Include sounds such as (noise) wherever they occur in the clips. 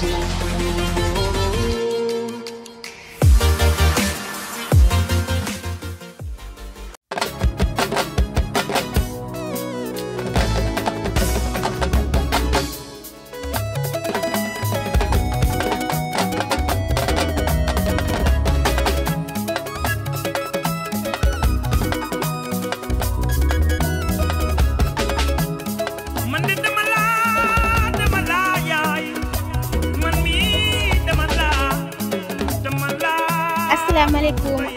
Thank you.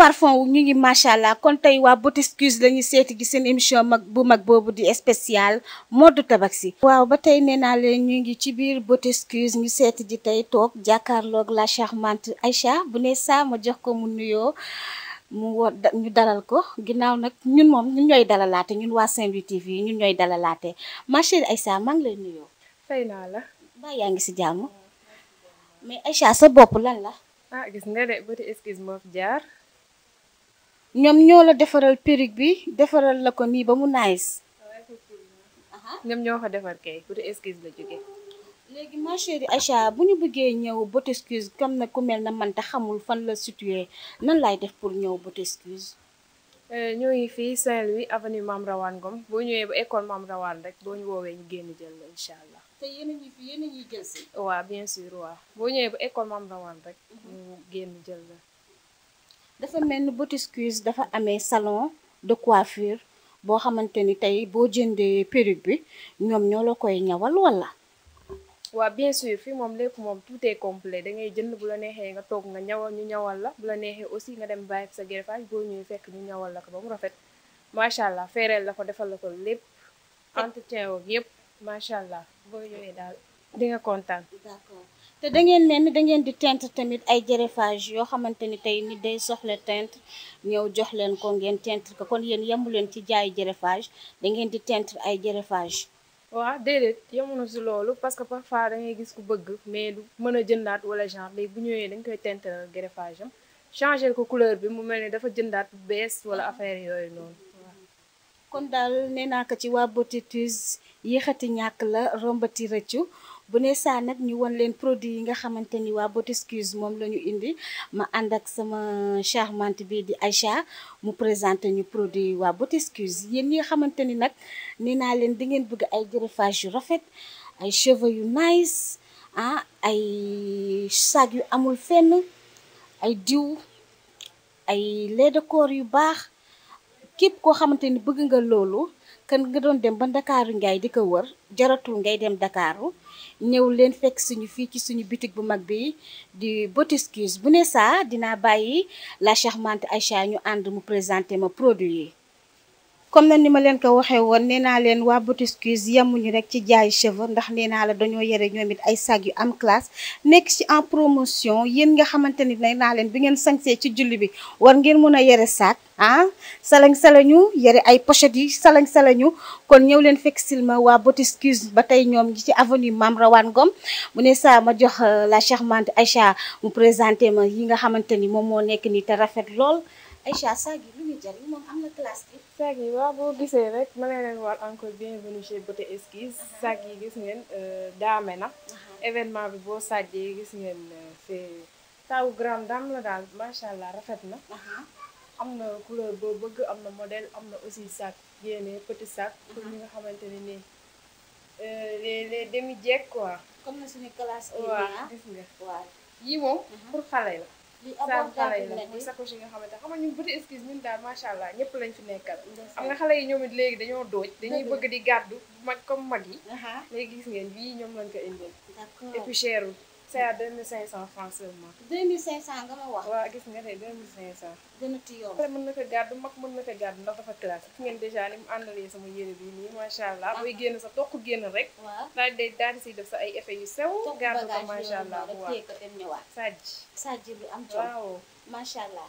parfum wu ñu ngi macha allah kon tey waa Botiscuse la ñu seeti gi seen émission mag bu mag boobu di spécial mode tabaski. waaw ba tey nee naa leen ñu ngi ci biir Botiscuse ñu seeti ji tey toog jàkkaarloog la charmante Aïcha bu ne saa ma jox ko mu nuyoo. mu woo ñu dalal ko ginnaaw nag ñun moom ñu ñooy dalalaate ñun waa Saint-Louis TV ñu ñooy dalalaate ma chérie Aïcha maa lay nuyoo. fay naa la. ba yaa ngi si jàmm mais Aïcha sa bopp lan la. Ah, ñoom ñoo la defaral perruque bi defaral la ko nii ba mu nice. ñoom ñoo ko defar kay pour excuse la jógee. léegi ma chérie Aïcha bu ñu bëggee ñëw botte excuse comme na ku mel na man te xamul fan la situé nan laay def pour ñëw botte excuse. Euh, ñoo ngi fii Saint-Louis avenue Mame Rawane Ngom boo ñëwee ba école Mame Rawane rek boo ñu woowee ñu génn jël la incha allah. te yéen a ngi fi yéen jël si. waaw bien sûr boo ñëwee ba école Mame Rawane rek. ñu génn jël la. dafa mel ni boutique dafa amee salon de coiffure boo xamante ni tey boo jëndee perruque bi ñoom ñoo la koy ñawal wala. waaw bien sûr fii moom lépp moom tout est complet da ngay jënd bu la neexee nga toog nga ñawal ñu ñawal la bu la neexee aussi nga dem bàyyi sa greffage boo ñuy fekk ñu ñawal la ko ba mu rafet macha allah feereel la ko defal la ko lépp entretien woog yëpp macha allah boo ñëwee daal dinga kontaan. te da ngeen mel ni da ngeen di teinte tamit ay jërëfage yoo xamante ni tey nit day soxla teinte ñëw jox leen ko ngeen teinte ko kon yéen leen ci jaay jërëfage da ngeen di teinte ay jërëfage. waaw déedéet yemuñu si loolu parce que parfois da ngay gis ku bëgg mais du mën a jëndaat wala genre léegi bu ñëwee dañ koy teinte jërëfage am ko couleur bi mu mel ne dafa jëndaat bu bees wala ah. affaire yooyu noonu. kon daal nee ci waa Beauté Tuz yéexati ñàkk la rombati rëccu. bu ne saa nag ñu won leen produits yi nga xamante ni waa Botiscuse moom la ñu indi ma ànd ak sama charmante bi di Aïcha mu présenté ñu produits yi waa Botiscuse yéen ñi nga xamante ni nag nee naa leen di ngeen bëgg ay greffage yu rafet ay cheveux yu nice ah ay saag yu amul fenn ay diw ay lait de corps yu baax képp koo xamante ni bëgg nga loolu kan nga doon dem ba Ndakaaru ngay di ko wër jaratul ngay dem Ndakaaru ñëw leen fekk suñu fii ci suñu boutique bu mag bi di Botiscus bu ne saa dinaa bàyyi la charmante Aïcha ñu ànd mu présenté ma produit yi comme na ni ma leen ko waxee woon nee naa leen waa Botiscuse yemuñu rek ci jaay cheveux ndax nee naa la dañoo yore ñoom it ay saag yu am classe nekk ci en promotion yéen nga xamante ni nee naa leen bi ngeen sañsee ci julli bi war ngeen mën a yore saak ah salañ salañu yore ay pochet yi salañ salañu kon ñëw leen fekk sil ma waa Botiscuse ba tey ñoom ngi ci avenue Mame Rawane Ngom mu ne saa ma jox euh, la ay Aïcha mu présenté ma yi nga xamante ni moom moo nekk nii te rafet lool Aïcha saag sac yi waaw boo gisee rek ma leen leen war encore bienvenue chez Beauté Esquisse sac yi gis ngeen euh, daame na événement bi boo sàjjee gis ngeen fee euh, taw grande dame la daal macha allah rafet na am na couleur boo bëgg am na modèle am na aussi sac yéene petit sac pour ñi nga xamante ni nii euh, les les demi jeeg quoi na suñu classe waaw ah. gis nga waaw yii moom pour xale la sànq xale yi nag muy sacoche yi nga xamante xam nga ñun bëti excuse daal macha allah ñëpp lañ fi nekkal am nga xale yi ñoom léegi dañoo dooj dañuy bëgg di gàddu mag comme mag yi uh-huh. léegi gis ngeen bii ñoom lañ ko indil et puis c'est à 2500 francs seulement. cent nga ma wax. waaw gis nga tey 2500. gënati yomb. mën na ko gàddu mag mën na ko gàddu ndax dafa classe. gis ngeen dèjà ni mu àndalee sama yére bi nii macha allah. booy génn sa toq génn rek. waaw daal di daal di siy def sa ay effet yu sew. gàddu ko macha allah waaw toq bagage yooyu bi am coono waaw macha allah.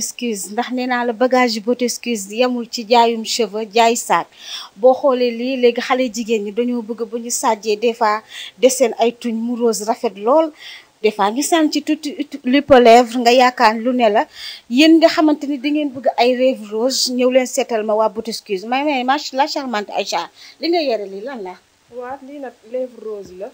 Beautescuse ndax nee naa la bagage yu Beautescuse yemul ci jaayum cheveux jaay saak boo xoolee lii léegi xale jigéen ñi dañoo bëgg bu ñu sàjjee des fois deseen ay tuñ mu rose rafet lool des fois ngi sànni ci tuuti lipo lèvre nga yaakaan lu ne la yéen nga xamante ni da ngeen bëgg ay rêve rose ñëw leen seetal ma waa Beautescuse may may la charmante Aïcha li nga yore lii lan la. waaw lii nag lèvre rose la.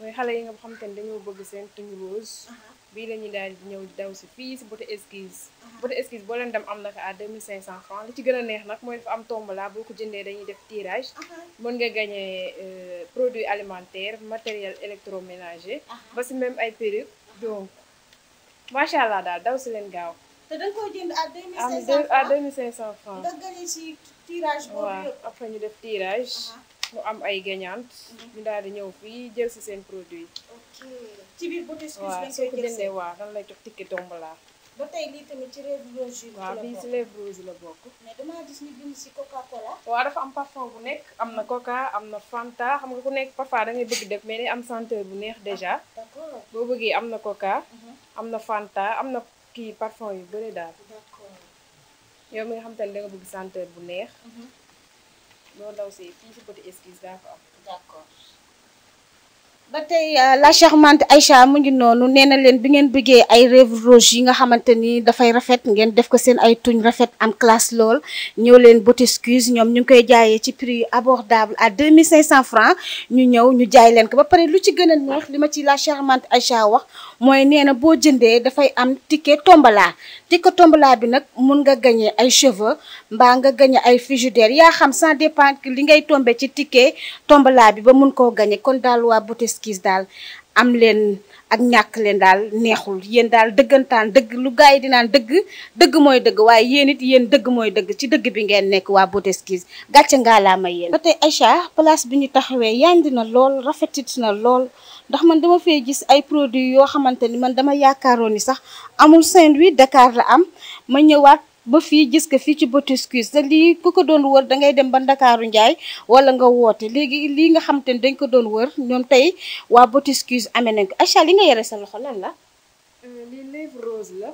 mooy xale yi nga xamante ne dañoo bëgg seen teint rose uh-huh. bii la ñuy daal di ñëw daw si fii si beauté esquisse uh-huh. beauté esquisse boo leen dem am na ko à 2500 francs li ci gën a neex nag mooy dafa am tombola boo ko jëndee dañuy def tirage uh-huh. mën nga gagné euh, produit alimentaire matériel électroménager ba si même ay périod donc macha allah daal daw si leen gaaw te da koy jënd à 2500 francs à 2500 francs nga gagné si tirage boobu waaw après ñu def tirage mu am ay gagnante. Mhm. ñu daal di ñëw fii jël si seen produit. ok ci biir beauté space lañ koy lay jox ticket tombola. ba tey lii tamit ci lèvre rouge yi. la bokk. mais damaa gis si coca cola. waaw dafa am parfum bu nekk am na coca am na fanta xam nga ku nekk parfum da ngay bëgg def mais am senteur bu neex déjà. Ah, d'accord boo bëggee am na coca. Mhm. am na fanta am na kii parfum yu bëri daal. d'accord yow mi nga xam te ne da bëgg senteur bu neex. Mhm. loolu ndaw si fii ci ba tey euh, la charmante Aïcha mu ngi noonu nee na leen bi ngeen bëggee ay rêve rouge yi nga xamante ni dafay rafet ngeen def ko seen ay tuñ rafet am classe lool ñëw leen Petit Esquisse ñoom ñu ngi koy jaayee ci prix abordable à 2500 francs ñu ñëw ñu jaay leen ko ba pare lu ci gën a neex li ci la charmante Aïcha wax mooy nee na boo jëndee dafay am ticket tombola ticket tombola bi nag mun nga gagné ay cheveux mbaa nga gagné ay frigidaire yaa xam sans dépendre li ngay tombé ci ticket tombalaa bi ba mun koo gagné kon daal waa Bouteskis daal am leen ak ñàkk leen daal neexul yéen daal dëggantaan dëgg lu gars yi di naan dëgg dëgg mooy dëgg waaye yéen it yéen dëgg mooy dëgg ci dëgg bi ngeen nekk waa Bouteskis gàcce ngaa laa may yéen. ba tey Aïcha place bi ñu taxawee yandi na lool rafetit na lool. ndax man dama fee gis ay produits yoo xamante ni man dama yaakaaroon ni sax amul Saint-Louis dakaar la am ma ñëwaat ba fii gis ko fii ci Botuscus te lii ku ko doon wër dangay dem ba Ndakaaru Njaay wala nga woote léegi lii nga xam te ni dañ ko doon wër ñoom tey waa Botuscus amee nañ ko Aïcha li nga yore sa loxo lan la. Euh, lii lèvre rose la.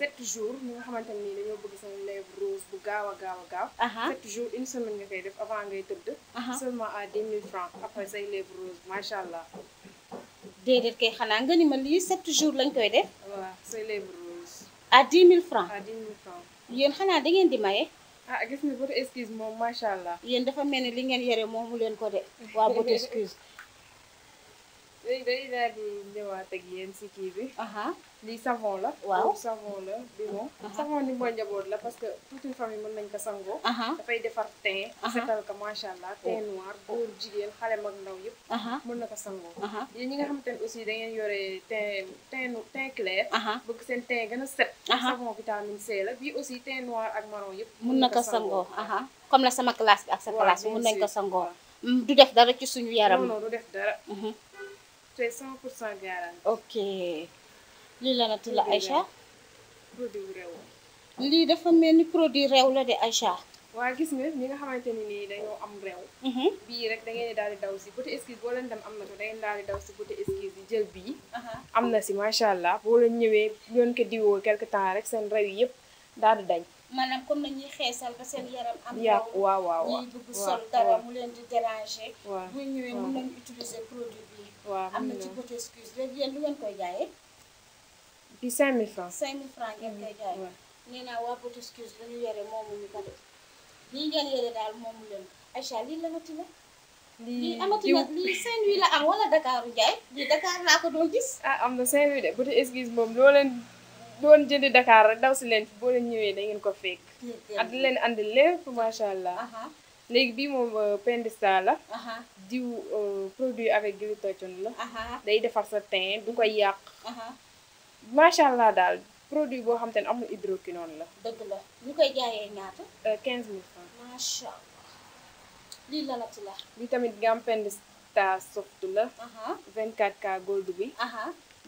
sept jours mu nga xamante ni dañoo bëgg sama lèvre rose bu gaaw a gaaw a gaaw. sept jours une semaine nga koy def avant ngay tëdd. seulement à dix mille francs après say lèvre macha allah. déedéet kay xanaa nga ni ma lii sept jours lañ koy def. waaw c'est lèvre rouge. à dix mille francs. à dix yéen xanaa da ngeen di maye. ah gis nga beauté moom macha allah. yéen dafa mel ni li ngeen yore moomu leen ko de. waa beauté excuse. (laughs) léegi dañuy daal di ñëwaat ak yéen si kii bi. lii savon la. waaw savon la bi moom. savon ni mooy njaboot la parce que toute une famille mën nañ ko sangoo. dafay defar teint. setal ko macha allah teint noir góor jigéen xale ndaw yëpp. mën na ko sangoo. yéen ñi nga xamante ne aussi da ngeen yore teint teint teint clair. bëgg seen teint gën a set. savon vitamine C la bii aussi teint noir ak marron yëpp. mën na ko sangoo comme la sama classe ak sa classe bi mën nañ ko sangoo. du def dara ci suñu yaram. non c'est 100% garanti. ok lii la na tudd Aïcha. produit réew la. lii dafa mel ni produit réew la de Aïcha. waa gis nga ñi nga xamante ni nii dañoo am réew. Mhm. bii rek da ngeen daal di daw si beauté esquisse boo leen dem am na ko da ngeen daal di daw si beauté esquisse yi jël bii. am na si macha allah boo leen ñëwee yoon ko diwoo quelque temps rek seen réew yëpp daal dañ. maanaam comme nañuy xeesal ba seen yaram am yàqu waaw waaw ñuy bëgg sol dara mu leen di déranger bu ñëwee mën nañ utiliser produit bi am na ci côté excuse léegi yéen lu ngeen koy jaayee bi cinq mille francs cinq mille francs ngeen koy mhm, jaayee nee naa waa côté excuse dañu yore moomu ñu ko def lii ngeen yore daal moomu leen Aïcha lii la nati la lii amati na lii Saint-Louis la am wala Dakar Ndiaye lii Dakar laa ko doon gis ah am na Saint-Louis de côté excuse moom loo leen doon jëndi Dakar rek daw si leen fi boo leen ñëwee da ngeen ko fekk. at leen andi lépp macha allah. léegi bi moom euh, pendista la. diw euh, produit avec glitocin la. day defar sa teint du ko yàq. macha allah daal produit boo xam te ne amul hydroquinone la. dëgg la ñu koy jaayee ñaata. 15000 euh, francs. macha allah lii la la ci la. tamit nga am pendista soft la. 24K gold bi.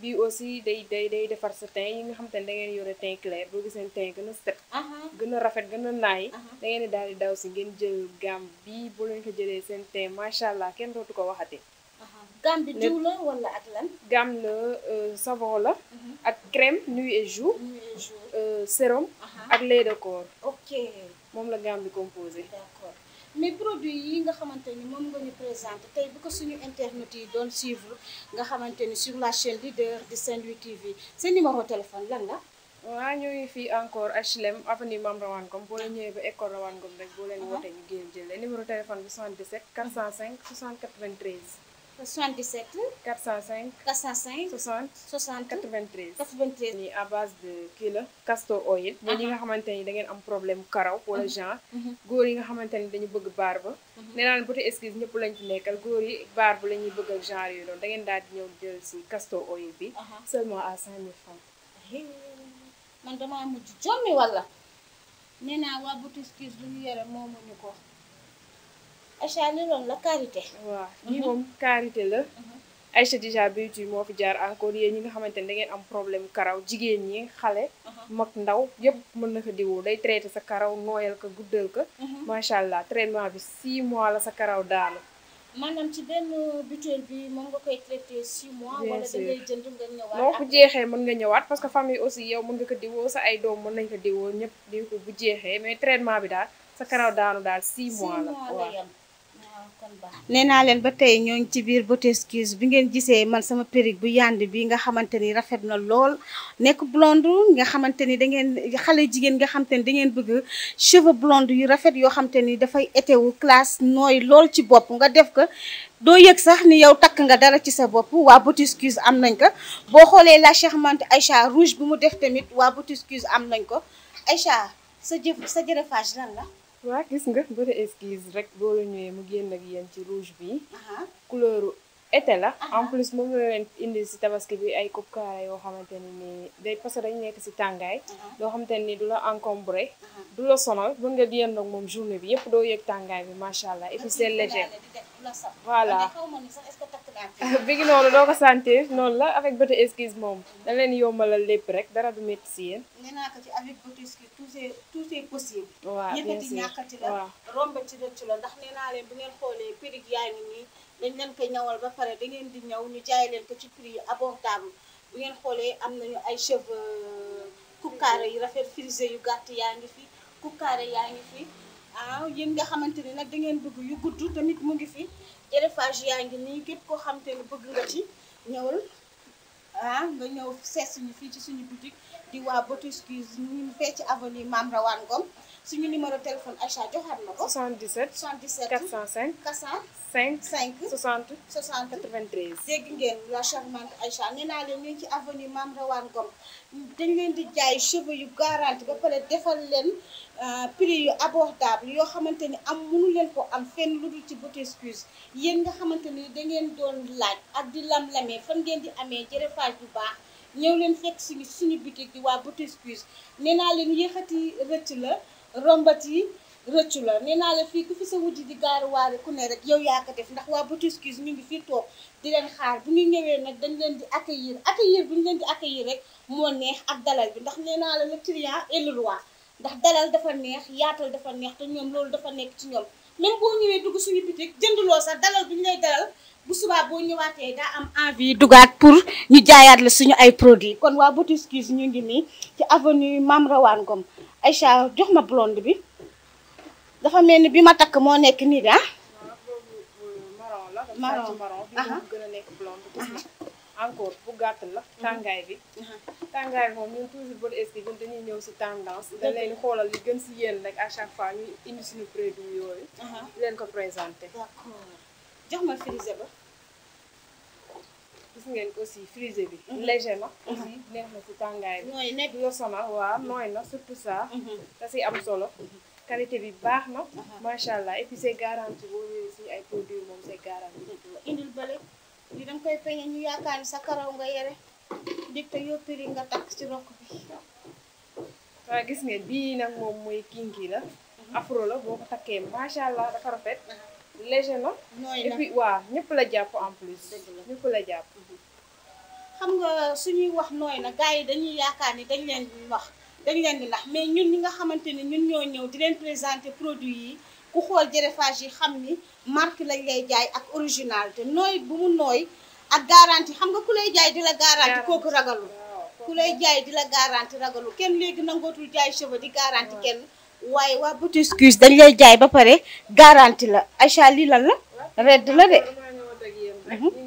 bii aussi day day day defar sa teint yi nga xam te ne da ngeen yore teint clair boo gisee teint gën a set. Uh-huh. gën a rafet gën a naay. Uh-huh. da ngeen di daal di daw si ngeen jël gamme bii boo leen ko jëlee seen teint macha allah kenn dootu ko waxatee. Uh-huh. gamme bi diw la wala ak lan. gamme la euh, savon la. ak crème nuit et jour. nuit et jour euh, sérum. ak lait de corps. moom la gamme bi composé. mais produit yi nga xamante ni moom nga ñu présenté tey bu ko suñu internet yi doon suivre nga xamante ni sur la chaîne leader de Saint-Louis TV seen numéro téléphone lan la. waa ñu ngi fii encore HLM avenue Mame Rawane Ngom boo leen ñëwee ba école Rawane Ngom rek boo leen uh-huh. wootee ñu génn jël numéro téléphone bi 77 405 60 93. cent 77. 405. 405. 60. 60 93. 93. nii à base de kii la castor oil. Ah mooy ñi ah. nga xamante ni da ngeen am problème karaw wala mm-hmm. genre. Mm-hmm. góor yi nga xamante ni dañu bëgg baar ba mm-hmm. naa ne beauté ñëpp lañ ci nekkal góor yi barbe la ñuy bëgg ak genre yooyu noonu da ngeen daal di ñëw jël si castor oil bi. Ah seulement à 5000 francs. man damaa mujj jommi wala. nee naa waa beauté exclusive lu ñu yore moomuñu ko. Aïcha li loolu la waaw lii moom karité la uh-huh. Aïcha Dija moo fi jaar encore yéen ñi nga xamante ne da ngeen am problème karaw jigéen ñi xale uh-huh. mag ndaw yépp mën na ko diwoo day traité sa karaw nooyal ko guddal ko uh-huh. macha allah traitement bi 6 mois la sa karaw daanu maanaam ci benn butéel bi moom nga koy traité 6 mois. wala da moo ko jeexee mën nga ñëwaat parce que famille aussi yow mën nga ko diwoo sa ay doom mën nañ ko diwoo ñëpp di bu jeexee mais traitement bi daal sa karaw daanu daal 6 mois la. 6 nee naa leen ba tey ñoo ngi ci biir beauté excuse bi ngeen gisee man sama perruque bu yànd bi nga xamante ni rafet na lool nekk blonde nga xamante ni da ngeen xale jigéen nga xamante ni da ngeen bëgg cheveux blonde yu rafet yoo xamante ni dafay étewu classe nooy lool ci bopp nga def ko doo yëg sax ni yow takk nga dara ci sa bopp waa beauty excuse am nañ ko boo xoolee la charmante Aïcha rouge bi mu def tamit waa beauty kiis am nañ ko Aïcha sa jëf sa jërëfage lan la waa gis nga bëri esquisse rek boo ñëwee mu génn ak yéen ci rouge bi couleur été la en plus moom la leen indi si tabaski bi ay coupe kaara yoo xamante ne nii day parce que dañu nekk si tàngaay loo xamante ne nii du la encombré du la sonal mën nga di yendoog moom journée bi yëpp doo yëg tàngaay bi macha allah et puis c'est léger voilà (laughs) bi ngi doo ko sentir noonu la avec beauté esquisse moom da leen yombalal lépp rek dara du métti si yéen nee naa ko ci avec beauté esquisse tout est tout est possible waaw ñëkkati ñàkkati la dañ leen ko ñawal ba pare da ngeen di ñëw ñu jaay leen ko ci prix yu abordable bu ngeen xoolee am nañu ay cheveux euh, coupe yu rafet frisé yu gàtt yaa ngi fi coupe yaa ngi fi ah yéen nga xamante ni nag da ngeen bëgg yu gudd tamit mu ngi fi greffage yaa ngi nii képp koo xamante ni bëgg nga ci ñëwal ah nga ñëw sees ñu fii ci suñu boutique di waa Beauty Excuse ñu fee ci avenue Mame Rawane Ngom suñu numéro téléphone Aïcha joxaat na ko. 77 77 405 405 5 60 60 93. dégg ngeen la charmante Aïcha nee naa leen ñu ngi ci avenue Mame Rawane Ngom dañ leen di jaay cheveux yu garanti ba pare defal leen euh, prix yu abordable yoo xamante ni am mënu leen ko am fenn lu dul ci beauté excuse yéen nga xamante ni da ngeen doon laaj ak di lam-lamee fan ngeen di amee jërëfaaj bu baax. ñëw leen fekk suñu suñu boutique di waa beauté excuse nee naa leen yéexati rëcc la. rombat yi rëccu la nee naa la fii ku fi sa wujj di gaaru ku ne rek yow yaa ko def ndax waa Boutiskise ñu ngi fii toog di leen xaar bu ñu ñëwee nag dañ leen di accueillir accueillir bu ñu leen di rek moo neex ak dalal bi ndax nee naa la le client est le roi ndax dalal dafa neex yaatal dafa neex te ñoom loolu dafa nekk ci ñoom même boo ñëwee dugg suñu bitik jënduloo sax dalal bu ñu lay dalal bu subaa boo ñëwaatee daa am envie dugaat pour ñu jaayaat la suñu ay produits kon waa Boutiskise ñu ngi nii ci avenue Mame Rawane Ngom Aïcha jox ma blonde bi dafa mel ni bi ma takk moo nekk nii de ah. maron maron bi gën a nekk blonde gis nga encore bu gàtt la tàngaay bi tàngaay bi moom ñun toujours bon est dañuy ñëw si tendance dañ leen xoolal li gën si yéen rek a chaque fois ñu indi suñu produit yooyu leen ko présenté d'accord jox ma frisé ba gis ngeen ko aussi frisé bi. léger na. aussi neex na si tàngaay bi. nooy nekk yosona waaw na surtout ça. Mhm. si am solo. qualité bi baax na. Mhm. macha allah et puis c' est garanti boo ñëwee suñu ay produits moom c' est garanti. Mhm. indil bële li danga koy peñe ñu yaakaar sa karaw nga yere dig te yoppiri nga takk ci rokk bi. gis ngeen bii nag moom mooy kinki la. afro la boo ko takkee macha allah dafa rafet. léger na et puis waaw ñëpp la jàpp en plus. ñëpp la jàpp. xam nga suñuy wax nooy na gars yi dañuy yaakaar ni dañ leen di wax dañ leen di nax mais ñun ñi nga xamante ni ñun ñoo ñëw di leen présenté produit yi ku xool jërëfaage yi xam ni marque lañ lay jaay ak originalité nooy bu mu nooy ak garanti xam nga ku lay jaay di la garantie kooku ragalu ku lay jaay di la garantie ragalu kenn léegi nangootul jaay cheveux di garantie kenn waaye waa boutique Cuisse dañ lay jaay ba pare garantie la Aïcha lii lan la redd la de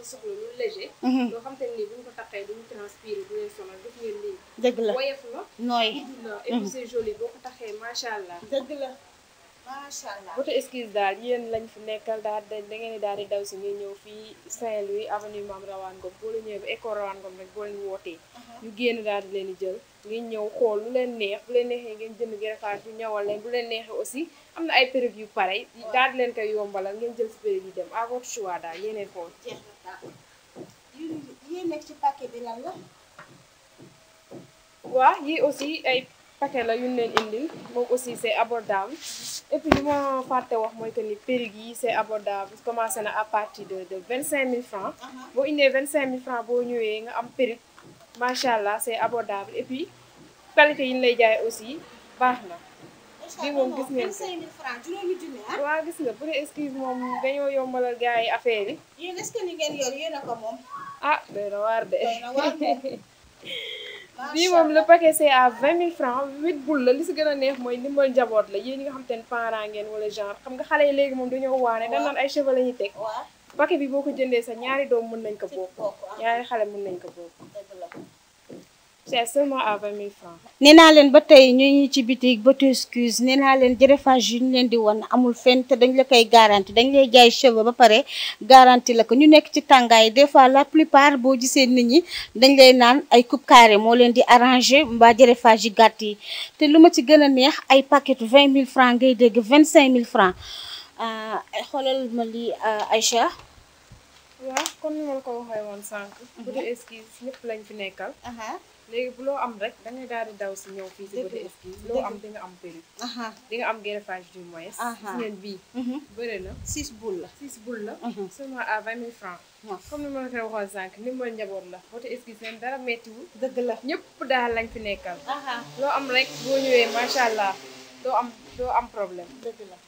dañuy soxla lu léger. Mhm. loo xam te la la. nooy et puis mhm. c'est joli boo ko la macha allah. Beauté Exquise daal yéen lañ fi nekkal daal da ngeen di daal di daw si ngay ñëw fii Saint-Louis avenue Mame Rawane Ngom boo la ñëwee ba école Rawane Ngom rek boo leen wootee. Mhm. ñu génn daal di leen di jël ngeen ñëw xool lu leen neex bu leen neexee ngeen jënd gërëfaat ñu ñawal leen bu leen neexee aussi. am na ay péril yu pare daal di leen koy yombalal ngeen jël si péril yi dem à votre choix daal yéenay xool. jeex ci paquet bi lan la. waaw yii aussi ay paquet la yu ñu leen indil moom aussi c' est abordable et puis li ma wax mooy que ni péril yii c' est abordable commencé na à parti de de vingt cinq mille francs uh-huh. boo indee vingt cinq mille francs boo ñëwee nga am péril macha allah c' est abordable et puis qualité yi lay jaay aussi baax na. bi moom gis ngeen ko ah. waaw gis nga prix Excuse moom dañoo yombalal gars yi affaire yi. yéen est-ce que li ngeen a ko moom. ah doy de. bii (laughs) moom le paquet c'est à vingt mille francs huit boules la li si gën a neex mooy ndimbal njaboot la yéen ñi nga xam te ne parent ngeen wala genre xam nga xale yi léegi moom dañoo waane dañ naan ay cheveux la ñuy teg paquet bi boo ko jëndee sa ñaari doom mën nañ ko bokk ah. ñaari xale mën nañ ko bokk c'est seulement à naa leen ba tey ñu ngi ci boutique Beautexcuse nee naa leen jërëfaas yu ñu leen di wan amul fenn te dañ la koy garanti dañ lay jaay cheveux ba pare garanti la ko ñu nekk ci tàngaay des fois la plupart boo gisee nit ñi dañ lay naan ay coupe carré moo leen di arrangé mbaa jërëfaas yu gàtt yi te lu ma ci gën a neex ay paquet vingt mille francs ngay dégg vingt cinq mille francs ay ah, xoolal ma lii ah, Aïcha. waaw comme ni ma la ko waxee woon sànq. Beautexcuse mhm. ñëpp lañ fi nekkal. Uh-huh. léegi bu loo am rek da daal di daw si ñëw fii si côté Esquisse loo am di nga am perruque. di nga am greffage du moins. gis ngeen bii. Mhm. bëri na six boules la. six boules la. Mhm. seulement à vingt mille francs. comme ni ma la ko waxoon sànq ni ma njaboot la côté Esquisse leen dara méttiwul. dëgg la ñëpp daal lañ fi nekkal. loo am rek boo ñëwee macha allah doo am doo am problème. dëgg la.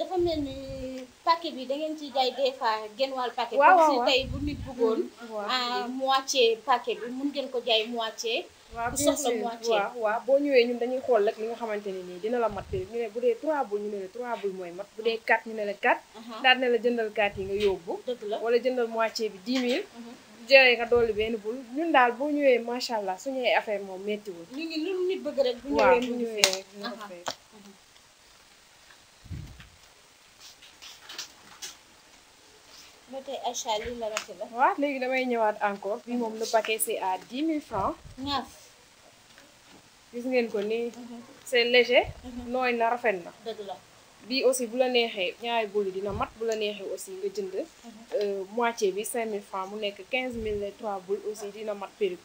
dafa mel ni paquet bi da ngeen ci jaay des fois genn wàll paquet. waaw waaw comme si tey bu nit bëggoon. Mm-hmm. waaw ah, moitié paquet bi mun ngeen ko jaay moitié. waaw bien sûr waaw waaw boo ñëwee ñun dañuy xool rek li nga xamante ne nii dina la mat ñu ne bu dee 3 bul ñu ne la 3 bul mooy mat bu dee 4 mm-hmm. ñu ne la 4. Uh-huh. daal ne la jëndal 4 yi nga yóbbu. dëgg jëndal moitié bi 10 000. jëree nga dolli benn bul ñun daal boo ñëwee macha allah suñu affaire moom méttiwul. ñu ngi bëgg rek. bu ba tey Aïcha lii la rafet léegi damay ñëwaat encore. bi moom le paquet c'est à dix mille francs. ñaar. gis ngeen ko nii. Mhm. c'est léger. Mhm. nooy na rafet na. dëgg la bii aussi bu la neexee ñaari boolu dina mat bu la neexee aussi nga jënd. Mhm. Euh, moitié bi cinq mille francs mu nekk quinze mille les trois boules aussi dina mat périm.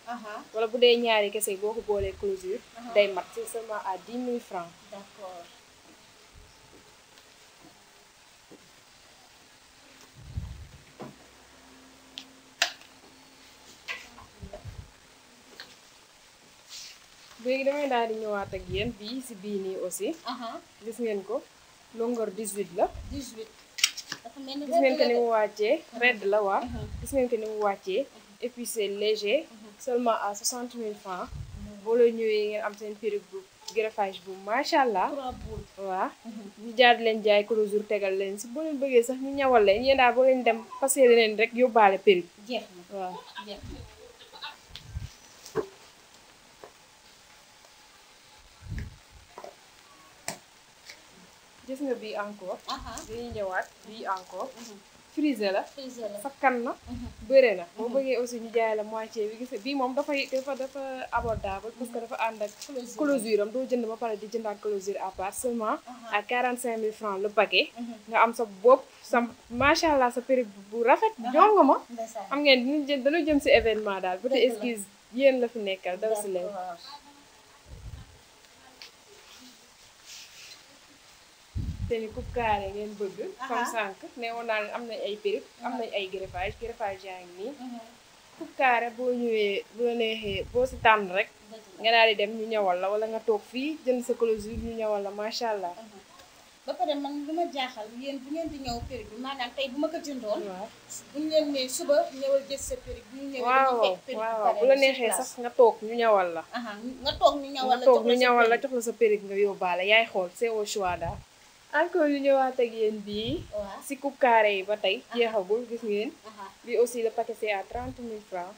wala bu dee ñaari kese boo ko boolee clôture. day mat c'est seulement à dix mille francs. léegi dama daal di ñëwaat ak yéen bii si bii nii aussi. gis ngeen ko longueur 18 la. 18 dafa mel ni gis ngeen ko ni mu wàccee red la waa. gis ngeen ko ni mu wàccee. et puis c'est léger. seulement à 60 000 francs. boo ñëwee ngeen am seen bu greffage bu macha allah. waaw ñu jaar leen jaay closure tegal leen si boo leen bëggee sax ñu ñawal leen yéen daal boo leen dem passé leen rek yóbbaale jeex na def nga bii encore. dañuy ñëwaat bii encore. Mhm. frisé la kan na mhm. bëre na boo mhm. bëggee aussi ñu jaay la moitié bi gis bii moom dafay dafa dafa abordable parce que dafa ànd ak closure doo jënd ba pare di jëndaat closure à part seulement à quarante cinq mille francs le paquet nga am sa bopp sa macha allah sa prix bu rafet jonga ma xam ngeen dinañ jëm dañu jëm si événement daal bu te excuse yéen la fi nekkal daw si leen te ni coupe carré ngeen bëgg. comme sànq ne woon naa am nañ ay péril. am nañ ay greffage greffage yaa ngi nii. coupe carré boo ñëwee bu la neexee boo si tànn rek. nga daal di dem ñu ñawal la wala nga toog fii jënd sa clôture ñu ñawal la macha allah. ba pare man lu ma jaaxal yéen bu ngeen di ñëw périg bi maanaam tey bu ma ko jëndoon. waaw bu ñu leen nee suba ñëwal jël sa périg bu ñu ñëwee dañu fekk périg waaw waaw bu la neexee sax nga toog ñu ñawal la. nga toog ñu ñawal la jox la sa périg nga toog ñu ñawal la jox la sa périg nga yóbbaale yaay xool c'est au choix daal. encore ñu ñëwaat ak yéen bii. si coupe carré yi ba tey. jeexagul gis ngeen. bii aussi le paquet c'est à trente mille francs.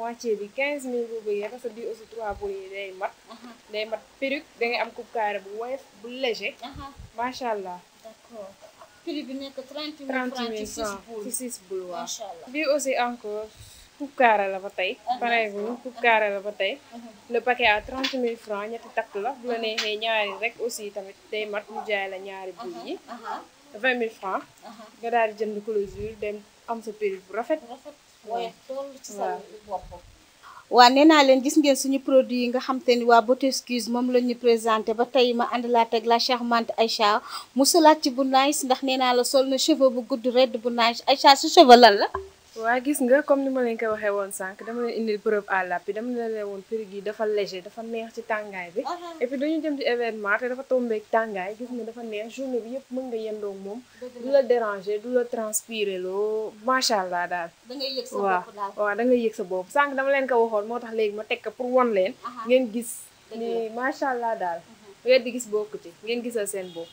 moitié bi quinze mille bu bëggee parce que bii aussi trois bu yi day mat. day mat perruque da am coupe carré bu woyof bu léger. macha allah. d'accord bi nekk trente mille francs ci six boules. macha aussi encore. coupe carré la ba tey pareegu coupe carré la ba tey le paquet à trente mille francs ñetti takk la bu la neexee ñaari rek aussi tamit day mat mu jaay la ñaari buy yi vingt mille francs nga jënd closure dem am sa prix bu rafet waaye toll waa nee naa leen gis ngeen suñu produit yi nga xam te ni waa Beauté Excuse moom la ñu présenté ba tey ma àndalaat ak la charmante Aïcha mu solaat ci bu nice ndax nee naa la sol na cheveux bu gudd redd bu nice Aïcha su cheveux lan la waa gis nga comme ni ma leen ko waxee woon sànq dama leen indi preuve à l'appui dama leen woon prix gi dafa léger dafa neex ci tàngaay bi uh-huh. et puis dañu jëm ci événement te dafa tombeek tàngaay gis nga dafa neex journée bi yëpp mën moom du la moo tax léegi ma teg ko pour won leen uh-huh. ngeen gis ni macha daal uh-huh. weer di gis bokk ci ngeen gisal seen bopp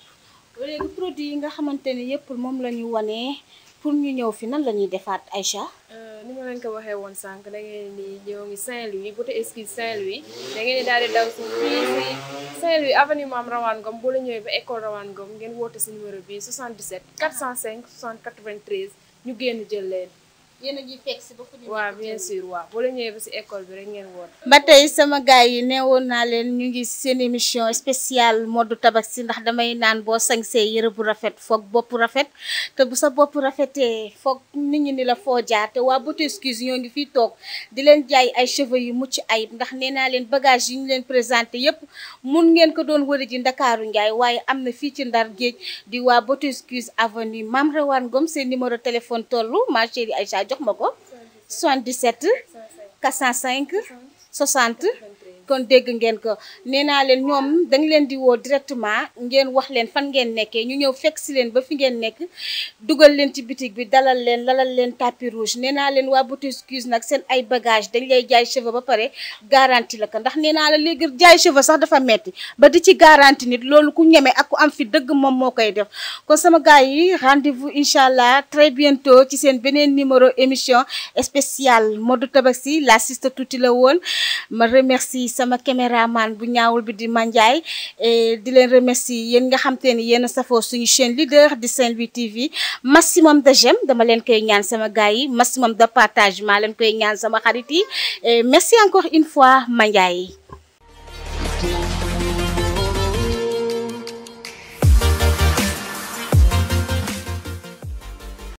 léegi produit yi nga xamante ne yëpp moom la ñu wanee pour ñu ñëw fi nan la ñuy defaat Aïcha euh, ni ma leen ko waxee woon sànq da ngeen ni ñëw ngi Saint-Louis bu te Esquisse Saint-Louis da daal di daw si fii si Saint-Louis avenue Mame Rawane Ngom boo la ñëwee ba école Rawane Ngom ngeen woote si numéro bi 77 405 60 93 ñu génn jël leen yéen a ngi fekk si ba waaw bien sûr waaw école bi rek ngeen woon. ba tey sama gars yi neewoon naa leen ñu ngi seen émission spéciale mode tabaski ndax damay naan boo sañsee yëre bu rafet foog bopp rafet te bu sa bopp rafetee foog nit ñi ni la foo jaar waa Beauté Excuse ñoo ngi fii toog di leen jaay ay cheveux yu mucc ayib ndax nee naa leen bagage yi ñu leen présenté yépp mun ngeen ko doon wëri ji Ndakaaru Njaay waaye am na fii ci Ndar Géej di waa Beauté Excuse avenue Mame Rewane Ngom seen numéro téléphone tollu ma ay Aïcha jox ma ko 77 405 60 kon dégg ngeen ko nee naa leen ñoom dañ leen di woo directement ngeen wax leen fan ngeen nekkee ñu ñëw fekk si leen ba fi ngeen nekk dugal leen ci bitig bi dalal leen lalal leen tapis rouge nee naa leen waa boutique Cuisse nag seen ay bagage dañ lay jaay cheveux ba pare garantie la ko ndax nee naa la léegi jaay cheveux sax dafa metti ba di ci garantie nit loolu ku ñeme ak ku am fi dëgg moom moo koy def kon sama gars yi rendez-vous incha allah très bientôt ci seen beneen numéro émission spéciale mode tabaski la sista tuuti la woon ma sama caméraman bu ñaawul bi di manjay et eh, di leen remercier yeen nga xam ni yéen a suñu chaîne leader di Saint-Louis TV maximum de j'aime dama leen koy ñaan sama gaay maximum de partage malen leen koy ñaan sama xarit yi eh, merci encore une fois Mangai.